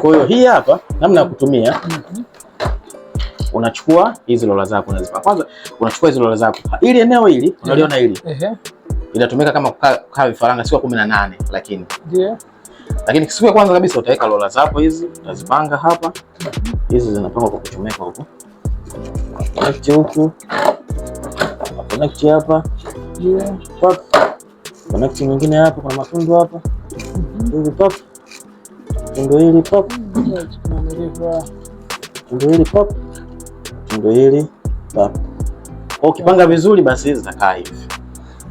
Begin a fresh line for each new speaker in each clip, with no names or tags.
Kwa hiyo hii hapa namna ya kutumia mm -hmm. unachukua hizi lola zako unazipanga. Kwanza unachukua hizi lola zako, ili eneo hili unaliona hili yeah. inatumika kama kukaa vifaranga siku ya kumi na nane lakini yeah. lakini siku ya kwanza kabisa utaweka lola zako hizi utazipanga hapa hizi zinapangwa kwa kuchomeka huko connect huku connect hapa yeah. connect nyingine hapa kuna matundu hapa mm -hmm. Tundu hili pop, tundu hili pop, tundu hili pop. Kwa ukipanga vizuri basi zitakaa hivi.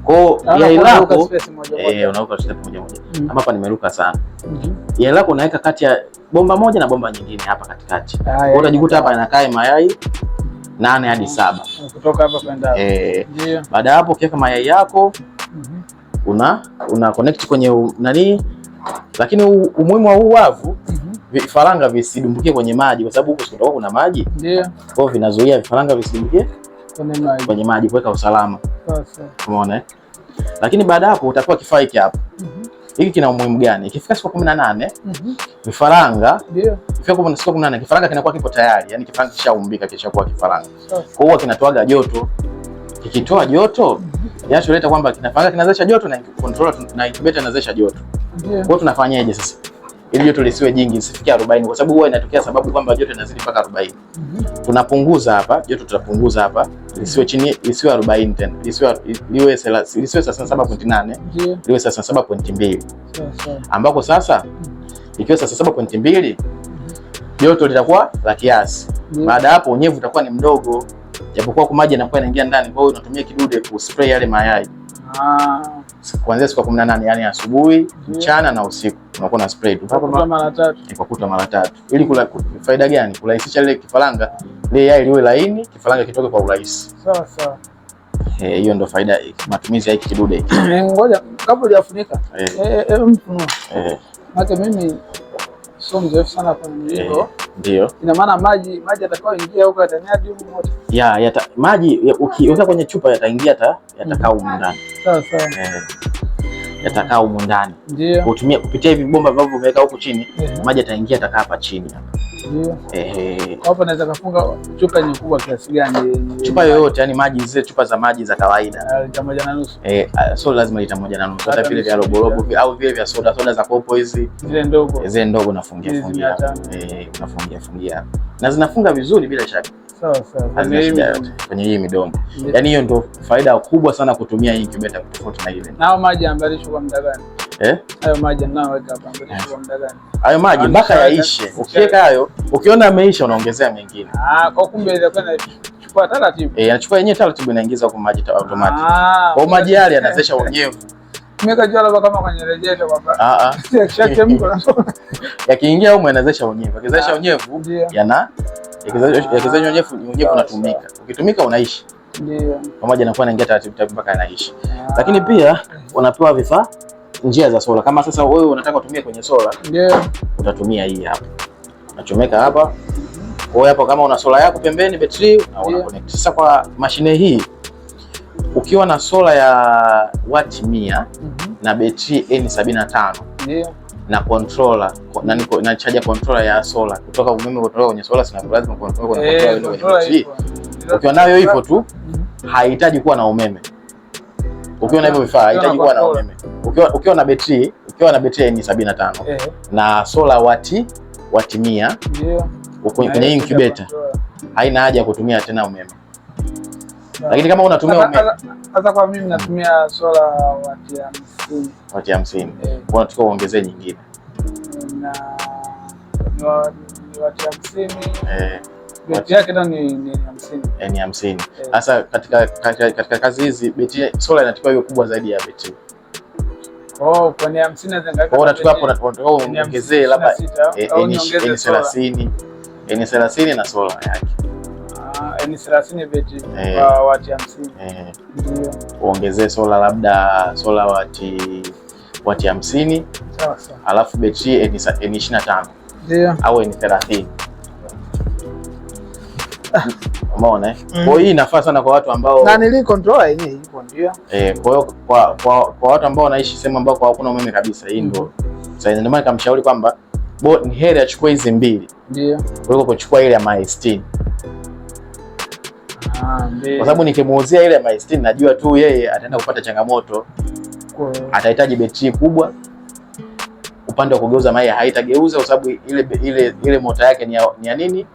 Kwa yai lako eh, unaweka step moja moja. Eh, Kama mm-hmm. hapa nimeruka sana. Mm-hmm. Yai lako unaweka kati ya bomba moja na bomba nyingine hapa katikati. Ah, Kwa utajikuta hapa inakaa mayai nane hadi mm-hmm. saba.
Kutoka hapa kwenda hapo.
Eh. Baada hapo ukiweka mayai yako una una connect kwenye nani lakini umuhimu wa huu wavu mhm. vifaranga visidumbukie kwenye maji, kwa sababu huko sikutoka kuna maji yeah. Kwa hiyo vinazuia vifaranga visidumbukie kwenye maji, kwenye maji kuweka usalama. Umeona? Eh? Lakini baada hapo utapewa kifaa hiki hapa. Mhm. Hiki kina umuhimu gani? Ikifika siku kumi na nane mhm. vifaranga kifaranga kinakuwa kipo tayari, yani kifaranga kishaumbika kishakuwa kifaranga. Kwa hiyo kinatoaga joto, kikitoa joto inacholeta yaani kwamba kifaranga kinazesha joto na controller na incubator inazalisha joto kwa hiyo tunafanyaje sasa ili joto lisiwe jingi lisifikie 40 kwa sababu huwa inatokea sababu kwamba joto inazidi mpaka 40. Mm -hmm. Tunapunguza hapa, joto tutapunguza hapa lisiwe mhm. chini lisiwe 40 tena. Lisiwe liwe lisiwe 37.8, Ndio. liwe 37.2. Sawa sawa. Ambako sasa mhm. ikiwa 37.2 mhm. joto litakuwa la kiasi. Yeah. Baada hapo unyevu utakuwa ni mdogo japokuwa maji yanakuwa yanaingia ndani, kwa hiyo unatumia kidude ku spray yale mayai. Ah kuanzia siku ya 18 yani asubuhi, mchana na usiku unakuwa na spray tu kwa kutwa mara tatu. Ili kula faida gani? Kurahisisha lile kifaranga lile yai liwe laini, kifaranga kitoke kwa urahisi. Sawa sawa. Eh, hiyo ndio faida matumizi ya hiki kidude hiki.
Ngoja kabla hujafunika. Eh, eh, mtu. Eh. Hata eh. mimi sio sana kwenye eh, Ndio. Ina maana maji maji yatakayoingia huko
Ya, yata maji ukiweka kwenye chupa yataingia yatakaa huko ndani. Sawa sawa. Eh. Yatakaa huko ndani. kupitia hivi bomba ambavyo umeweka chini, eh. maji yataingia yatakaa hapa chini hapa kuachilia.
Ehe. Hapo naweza kafunga chupa yenye kubwa kiasi gani?
Chupa yoyote, yani maji zile chupa za maji za kawaida.
Ah, lita moja na nusu.
Eh, ah, so lazima lita moja na nusu. Hata vile vya robo au vile vya soda soda za kopo hizi.
Zile ndogo.
Zile ndogo nafungia fungia. Eh, nafungia fungia. Na zinafunga vizuri bila shaka. Sawa sawa. Kwenye hii midomo. Yaani hiyo ndio faida kubwa sana kutumia hii incubator tofauti na ile.
Nao maji ambalishwa kwa muda gani? Eh? Hayo maji ninayoweka
ah, mpaka yaishe. Ukiweka hayo, ukiona yameisha unaongezea mengine.
Ah, kwa kumbe inakuwa inachukua taratibu.
Eh, yenyewe taratibu inaingiza kwa maji automatic. Ah, kwa maji yale yanawezesha unyevu.
jua kama kwenye
ah, Yakiingia huko yanawezesha unyevu. Yakiwezesha unyevu yakiwezesha unyevu unyevu unatumika. Ukitumika unaishi. Ndio. Kwa maji yanakuwa taratibu mpaka yanaishi. Lakini pia unapewa vifaa njia za sola. Kama sasa wewe unataka utumie kwenye sola, yeah. Utatumia hii hapa, unachomeka hapa. Kwa hiyo hapo kama una sola yako pembeni betri na una connect. Sasa kwa mashine hii ukiwa na sola ya wati 100 mm mhm. -hmm. na betri N75 yeah. na controller na, niko na charger controller ya sola kutoka umeme kutoka kwenye sola sina lazima controller kwenye eh, hey, controller kwenye betri. Ukiwa nayo hivyo tu mhm. haihitaji kuwa na umeme. Ukiwa na hivyo vifaa haihitaji kuwa na umeme ukiwa, ukiwa na betri ukiwa na betri ni 75 eh, na sola wati wati 100 ndio kwenye incubator, haina haja ya kutumia tena umeme na, lakini kama unatumia umeme
sasa, kwa mimi natumia sola wati 50
wati 50 eh, kwa unatakiwa uongezee nyingine
na wati 50 eh. eh ni 50
ni 50 sasa. Katika katika kazi hizi beti sola inatakiwa iwe kubwa zaidi ya beti
Oh, kwenye
50 uongezee labda yenye thelathini yenye thelathini na sola yake
ah, eh. eh.
uongezee sola labda sola wati wati hamsini alafu betri eh, ni ishirini na tano au ni thelathini Umeona? Mm. Kwa hiyo hii inafaa sana kwa watu ambao
na nili control yenyewe ipo ndio.
Eh, kwa hiyo kwa kwa watu ambao wanaishi sehemu ambao hakuna umeme kabisa, hii ndio. Mm-hmm. Sasa ndio maana nikamshauri kwamba ni heri achukue hizi mbili ndio kuliko kuchukua ile ya maestini ah, kwa sababu nikimuuzia ile ya sitini najua tu yeye ataenda kupata changamoto. Atahitaji betri kubwa, upande wa kugeuza mai haitageuza, kwa sababu ile, ile, ile mota yake ni ya, ni ya nini